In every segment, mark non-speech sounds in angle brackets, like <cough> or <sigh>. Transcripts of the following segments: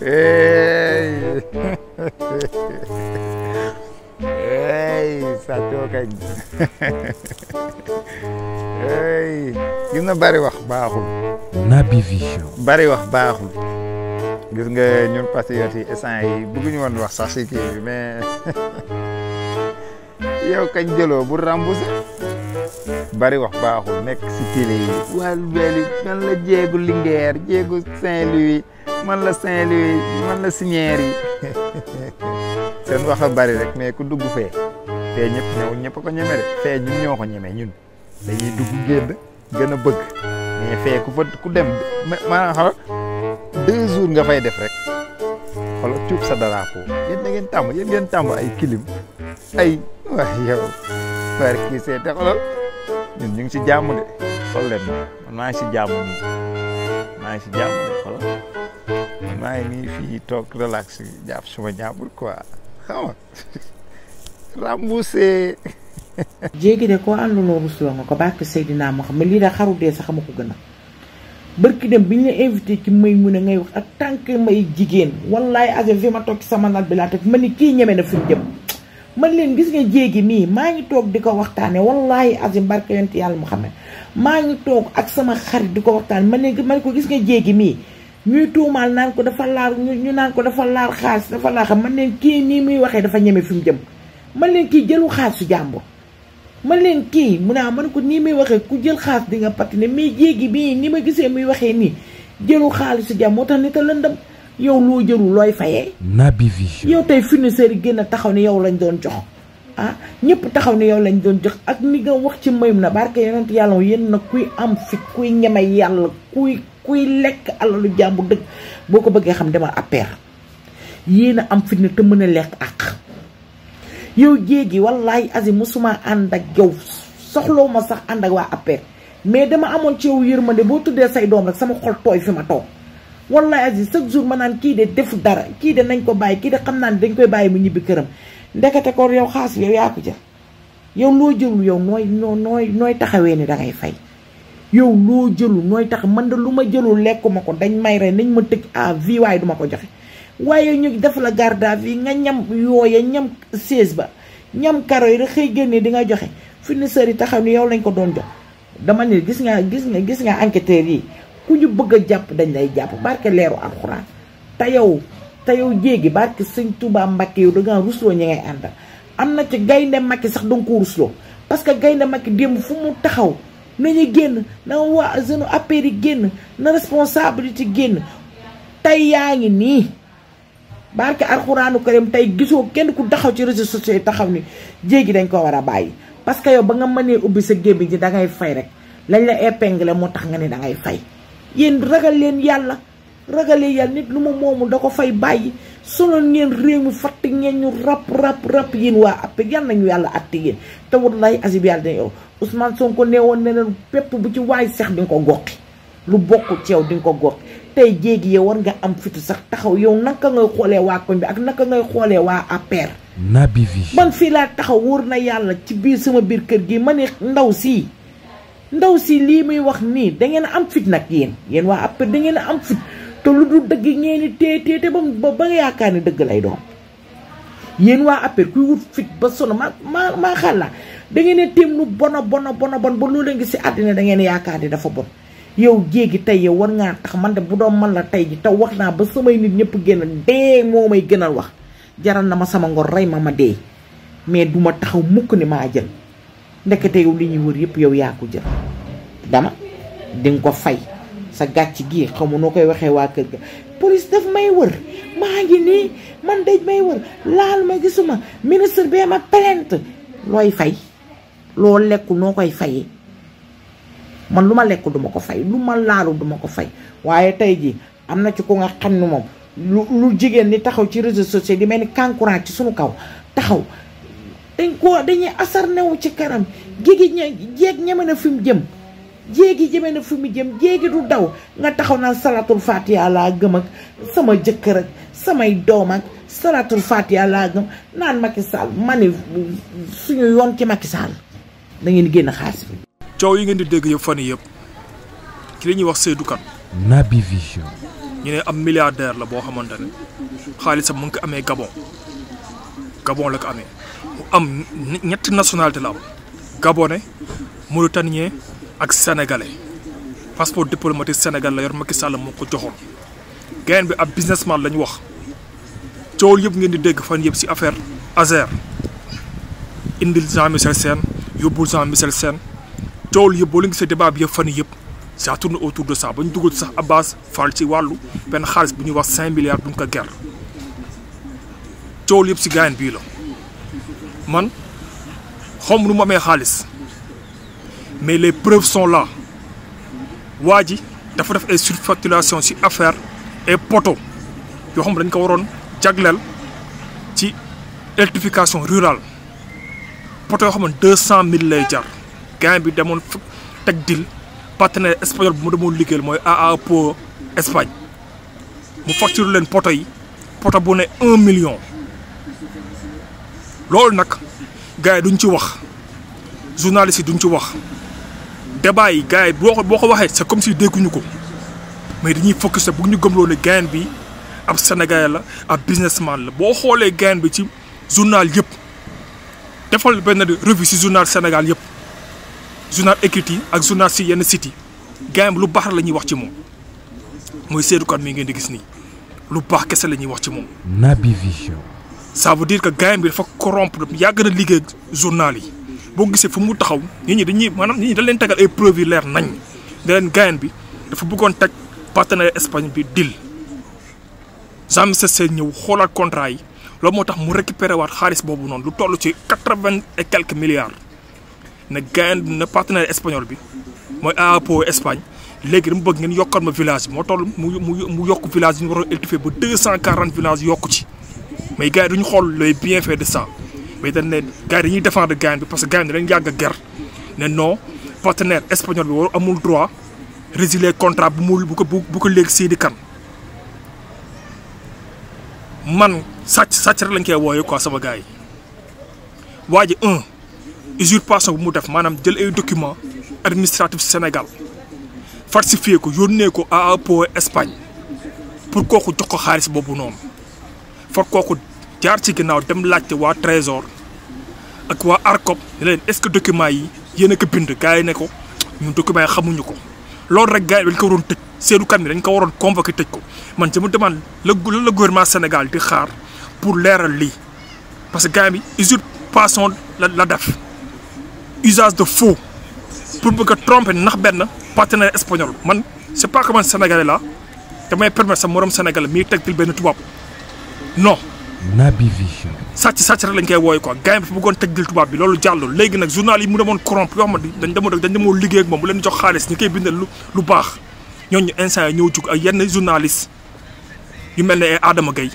Ei! Ei, Satooka. gis nga bari wax baaxul. Naby Vision. bari wax baaxul. gis nga ñun patriotes yi instant yi bëgguñu woon wax sax si kii bi mais yow kañ jëloo bu remboursé. bari wax baaxul nek ci télé wal waal beli man la djégu linguer djégu saint louis man la saint louis man la signer yi sen <laughs> waxa bari rek mais ku dugg fe fee ñëpp ñew ñëpp ko ñëmé rek fe ñun ñoo ko ñeme ñun dañuy dugg gënd gëna bëgg mais fe ku fa ku dem maanaam xal deux jours nga fay def rek xol cuub sa dara ko yeen da ngeen tam yeen ngeen tam ay kilim ay wax yow barki seete xolol ñun ñu ngi si jàmm de xool leen maa ngi si jàmm maa ngi si jàmm de xool maa ngi nii fii toog relax jàpp suma jàmbur quoi xam nga <laughs> remboursé. <laughs> jéegi de koo ànduloo bu suwa nga ko barke Seydina moo xam ne lii daa xaru dee sax ma ko gën a. barki dem bi ñu la invité ci may mun a ngay wax ak tànk may jigéen wallaay as ma toog sama naat bi laa teg ma ni kii ñeme na fi mu jëm. man leen gis nga jéegi mii maa ngi toog di ko waxtaane wallahi azim barke yonent yàlla Muhammad maa ngi toog ak sama xarit di ko waxtaane man leen man ko gis nga jéegi mii ñuy tuumaal naan ko dafa laar ñu naan ko dafa laar dafa laar man leen kii nii muy waxee dafa ñeme fi mu jëm man leen kii jëlu xaalisu jàmbur man leen kii mu naa man ko nii muy waxee ku jël xaalis di nga patine mais jéegi mii ni ma gisee muy waxee nii jëlu xaalisu jàmbur moo tax nit a lëndam yow loo jëru looy fayee. Naby Vision yow tey fournisseur yi génn taxaw ni yow lañu doon jox. ah ñëpp taxaw ne yow lañ doon jox ak ni nga wax ci mayum na barke yonent yàlla yéen na kuy am fi kuy ñeme yàlla kuy kuy lekk alalu jàmbu dëgg boo ko bëggee xam dama appeer yéen am fitna te mën a lekk ak yow jéegi wallaay asi musuma ànd ak yow soxloo ma sax ànd ak waa appeer mais dama amoon ci yow ne boo tuddee say doom rek sama xol tooy fi ma toog wallaay Aziz chaque jour ma naan kii de defu dara kii de nañ ko bàyyi kii de xam naa ne dañ koy bàyyi mu ñibbi këram ndekete ko yow xaas yow yaa ko jël yow loo jëlul yow nooy noo nooy nooy taxawee ni dangay fay yow loo jëlul nooy tax man da lu ma jëlul lekkuma ko dañ may rey nañ ma tëj à vie waaye duma ko joxe waaye ñu def la garde à nga ñam yooya ñam sées ba ñam karo yi rek xëy génne di nga joxe fournisseurs yi taxaw ni yow lañ ko doon jox dama ne gis nga gis nga gis nga enquêteurs yi ku ñu bëgg japp dañ lay japp barké léru alcorane ta yow ta yow jéegi barké seigne Touba mbacké yow da nga rusloo ñi ngay and amna ci gaynde makki sax da ko rusloo parce que gaynde makki dem fu mu taxaw nañu genn na wa jeune apéri genn na responsabilité genn tay yaangi ni barké alcorane karim tay gisoo kenn ku taxaw ci réseaux sociaux taxaw ni jéegi dañ ko wara bayyi parce que yow ba nga mëne ubbi sa gëbbi ji da ngay fay rek lañ la épingle moo tax nga ni da ngay fay yéen ragal leen yàlla ragal leen yàlla nit lu ma moomu da ko fay bàyyi sonal ngeen réew mi fàtte ngeen ñu rap rap rap yéen waa appe yal nañu yàlla atte yéen te wallaay asib yàlla dañu yow Ousmane Sonko nee woon ne leen pépp bu ci waay sex di nga ko goqi lu bokk ceew di nga ko goqi tey jéegi yow war nga am fitu sax taxaw yow naka ngay xoolee waa koñ bi ak naka ngay xoolee waa APR. Naby Vision man fii laa taxaw wóor na yàlla ci biir sama biir kër gi ma ndaw sii ndaw si lii muy wax nii dangeen a am fit nag yéen yéen waa après dangeen a am fit te lu dul dëgg ngeen téye téye te ba ba nga yaakaar ne dëgg lay doon yéen waa APR kuy wut fit ba sonn ma ma maa xàlla da ngeen ne téem lu bon a bon a bon ba loo leen si àddina da ngeen yaakaar ni dafa bon yow jéegi tey yow war ngaa tax man de bu doom man la tey ji te wax naa ba samay nit ñëpp génn dee moo may gënal wax jaral na ma sama ngor rey ma ma dee mais duma taxaw mukk ni ndekete yow li ñuy wër yëpp yow yaa ko jël dama di ko fay sa gàcc gii xaw ma noo koy waxee waa kër ga police daf may wër maa ngi nii man daj may wër laal ma gisuma ministre bee ma plainte looy fay loo lekku noo koy fayee man lu ma lekku duma ko fay lu ma laalu duma ko fay waaye tey jii am na ci ko nga xam ne moom lu lu jigéen ni taxaw ci réseau sociaux di mel ni kankurang ci sunu kaw taxaw dañ ko dañuy asar newu ci kanam jéegi ña jéeg ñeme na fi mu jëm jéegi jëme na fi mu jëm jéegi du daw nga taxaw naa salatul fatiha laa gëm ak sama jëkkër ak samay doom ak salatul fatiha laa gëm naan Macky Sall ma ne suñu yoon ci Macky Sall da ngeen génn xaalis bi. coow yi ngeen di dégg yëpp fan yii yëpp ki li ñuy wax Seydou Kane. Naby Vision. ñu ne am milliardaire la boo xamante ne xaalisam mu ngi ko amee Gabon. Gabon la ko amee mu am ñett nationalité la am gabonais mauritanien ak sénégalais passeport diplomatique sénégal la yor Macky Sall moo ko joxoon. geneen bi ab businessman lañ wax coow yëpp ngeen di dégg fan yëpp si affaire Azer indi Jean Michel Sène yóbbul Jean Michel Sène coow yëpp boo leen gisee débat bi yëpp fan yëpp. ça tourne autour de ça ba ñu dugal sax Abbas Fall ci wàllu benn xaalis bu ñuy wax cinq milliards duñ ko ger tout le monde est là. Moi, je ne sais pas ce Mais les preuves sont là. Wadi a fait une surfacturation sur l'affaire et poteau. Je ne sais pas si je suis l'électrification rurale. Pour 200 000 légères. Quand il y a un tactile, partenaire espagnol, il y a un légal, AAPO Espagne. Je facture poteaux poteau. Le poteau est 1 million lol nak gaay duñ ci wax journaliste duñ ci wax débat yi gaay boko boo ko c'est comme si dégguñu ko mais dañuy focus bu ñu gëmloo ne gain bi ab Sénégalais la ab businessman la bo xolé gain bi ci journal yépp defal benn revue ci journal Sénégal yépp journal equity ak journal si yenn sites gain lu baax la ñuy wax ci mom moy Seydou Kane mi ngeen di gis ni lu baax kese la ñuy wax ci mom Naby Vision ça veut dire que gars bi dafa corrompre yàgg na liggéey journal yi boo gisee fu mu taxaw nit ñi dañuy manam nit ñi dañ leen tagal ay preuve yu leer nañ da leen gars bi dafa bëggoon teg partenaire Espagne bi dil Jean Sessène ñew xoolaat contrat yi loolu motax mu récupéré wat xaalis bobu non lu tollu ci 80 et quelques milliards ne gars ne partenaire espagnol bi moy AAPO Espagne. légui dama bëgg ngeen yokkal ma village mo tollu mu mu yokk village yi ñu war ba 240 villages yokku ci mais gars yi duñu xool les de ça mais dañ ne gars yi dañuy défendre gaañ bi parce que gaañ bi dañ yàgg a ger non partenaire espagnol bi war amul droit résilier contrat bu mu bu ko bu ko léegi Sidi Kane man sàcc sàcc rek lañ koy wooyee quoi sama gars yi waa ji un usurpation bu mu def manam jël ay documents administratifs Sénégal falsifié ko yónnee ko à Espagne pour kooku jox ko xaalis bobu non for kooku jaar ci ginnaaw dem laajte waa trésor ak waa ARCOP ne leen est-ce que document yi yéen a ko bind gars yi ne ko ñun document yi xamuñu ko loolu rek gars yi dañ ko waroon tëj Seydou Kane dañ ko waroon convoqué tëj ko man je me demande la la gouvernement Sénégal di xaar pour leeral lii parce que gars bi usurpation la la def usage de faux pour bëgg a tromper ndax benn partenaire espagnol man c'est pas que man sénégalais la damay permettre sa morom sénégalais miy tegtal benn tubaab non. Naby Vision. sàcc sàcc rek lañ ko wooy quoi gars yi fi bëggoon tëj dil tubaab bi loolu jàllul léegi nag journal mu demoon corrompre yoo xam ne dañ demoon dañ demoon liggéey ak moom mu leen jox xaalis ñu koy bindal lu lu baax ñooñu instant yi jug ak yenn yu mel ne ay Adama Gaye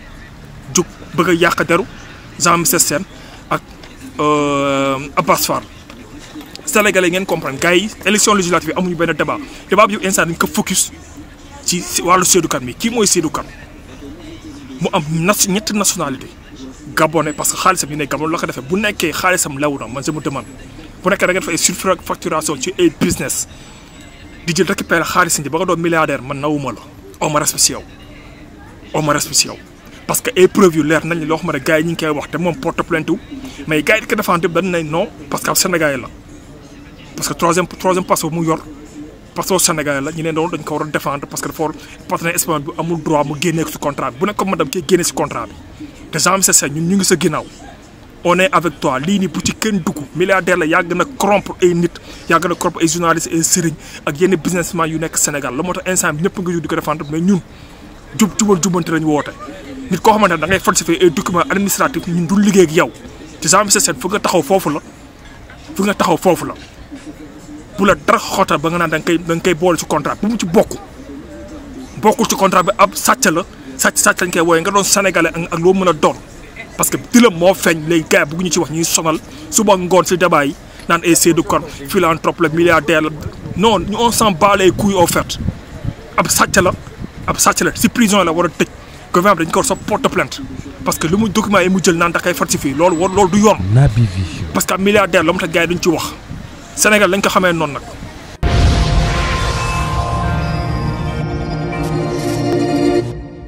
jug bëgg a yàq deru Jean Michel Sène ak euh, Abbas Fall sénégalais ngeen comprendre gars yi élection législative amuñu benn débat débat bi instant dañ ko focus ci wàllu Seydou Kane mi kii mooy Seydou Kane mu am nas ñetti nationalité gabonais parce que xaalisam yi ne gabon la ko defee bu nekké xaalisam lew na man je me demande bu nekkee da nga def ay surfacturation ci ay business di jël récupérer xaalis ñi ba nga doon milliardaire man nawuma la on ma respecte yow on ma respecte yow parce que ay preuve yu leer nañ loo xam ne gars ngi koy wax té mom porte plainte mais gaay ki di ko dañ ne non parce que Sénégalais la parce que troisième troisième passe mu yor parce que Sénégal la ñu ne noonu dañ ko war a défendre parce que dafa war partenaire espagnol bi amul droit mu génnee ko si contrat bi bu ne comme madame kii génne si contrat bi te Jean Michel Sène ñun ñu ngi sa ginnaaw on est avec toi lii nii bu ci kenn dugg milliardaire la yàgg na corrompre ay nit yàgg na corrompre ay journaliste ay sëriñ ak yenn businessman yu nekk Sénégal la moo tax instant bi ñëpp nga jug di ko défendre mais ñun jub jubal jubante lañu woote nit koo xamante ne da ngay falsifier ay document administratif ñun du liggéey ak yow te Jean Michel Sène fu nga taxaw foofu la fu nga taxaw foofu la bu la dara xotal ba nga naan da nga koy da koy boole ci contrat bu mu ci bokk bokkul ci contrat bi ab sàcc la sàcc sàcc lañ koy wooye nga doon sénégalais ak loo mën a doon parce que di la moo feeñ léegi gars yi bëgg ñu ci wax ñuy sonal suba ngoon si débat yi naan ay eh, seedu kon philanthrope la milliardaire la non ñu on s'en bat les ab sàcc la ab sàcc la si prison la war a tëj gouvernement bi dañu ko war sa porte plainte parce que lu mu document yi mu jël naan da loolu war loolu du yoon. parce ci wax. Sénégal lañ ko xamee noonu nag